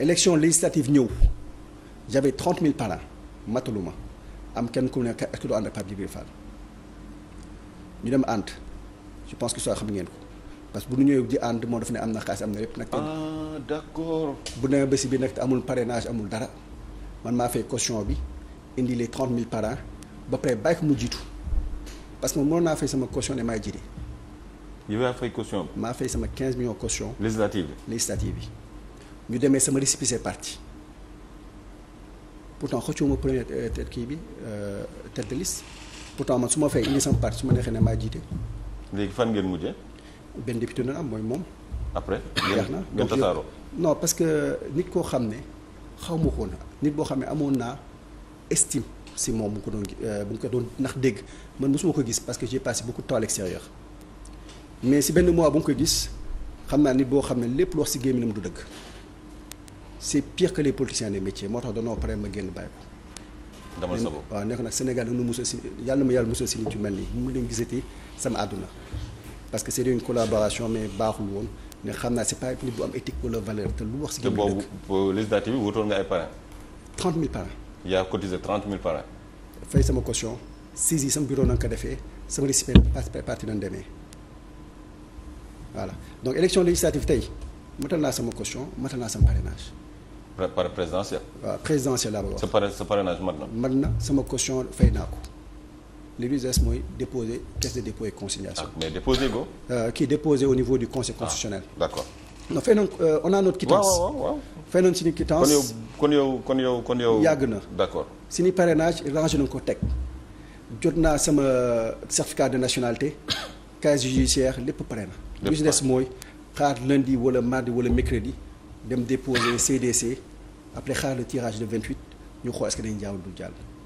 élection législative ñëw j'avais trente mille parrains matalu ma am kenn ku nekk est-ce que ànd ak Pape Djibril Fall ñu dem ànd je pense que soo xam ngeen ko parce que bu ñu ñëwee di ànd def ne am na xaalis am na lépp ah, bu demee bési bi nag amul parrainage amul dara man maa fay caution bi indi les trente mille parrains ba pare bàyyi ko mu jiitu parce que moom naa fay sama caution ne maay jiite. yow yaa fay caution. maa fay sama quinze millions caution. législative législative bi. ñu demee sama récépissé parti pourtant xëccuwuma première euh, tête kii bi euh, tête de liste pourtant man su ma fay indi sama parti su ma neexee ne maa jiite. léegi fan ngeen mujjee. benn député doon am mooy moom. après jeex na ngeen tasaaroo non parce que nit koo xam ne xaw ma ko woon nit boo xam ne amoon naa estime si moom mu ko doon bu euh, ko doon ndax dégg man mosuma ko gis parce que j'ai passé beaucoup de temps à l'extérieur mais si benn mois bu nga koy gis xam naa nit boo xam ne lépp lu wax si gémmiñam du dëgg. c'est pire que les politiciens des métiers moo tax danoo pare ma génn bàyyi dama sa waaw nekk nag Sénégal nu mu si yàlla ma yàlla mosoo si ci mel nii mu ngi leen gisati sama àdduna. parce que c'est une collaboration mais baaxul woon ne xam naa c'est pas nit bu am éthique wala wax si. te boobu législative bi ay parrains. 30 000 parrains. yaa cotisé 30 000 parrains. fay sama caution saisi sama bureau na nga ko defee sama récipient parti nañ demee voilà donc élection législative tey matal naa sama caution matal naa sama par présidentiel. waaw présidentiel laa bëgg wax. sa pare sa parrainage mat na. mat na sama caution fay naa ko li ñu mooy déposer caisse de dépôt et consignation. Ah, mais déposer go. kii déposer au niveau du conseil constitutionnel. Ah, d'accord. non fay nañ on a notre quittance waaw waaw waaw. fay kon yow kon yow kon yow. yàgg na d'accord suñu parrainage rangé nañ ko teg jot naa sama certificat de nationalité casier judiciaire lépp pare na. lépp pare lu ci des mooy xaar lundi wala mardi wala mercredi. dem déposer CDC après xaar le tirage de 28 ñu xool est-ce que du jàll.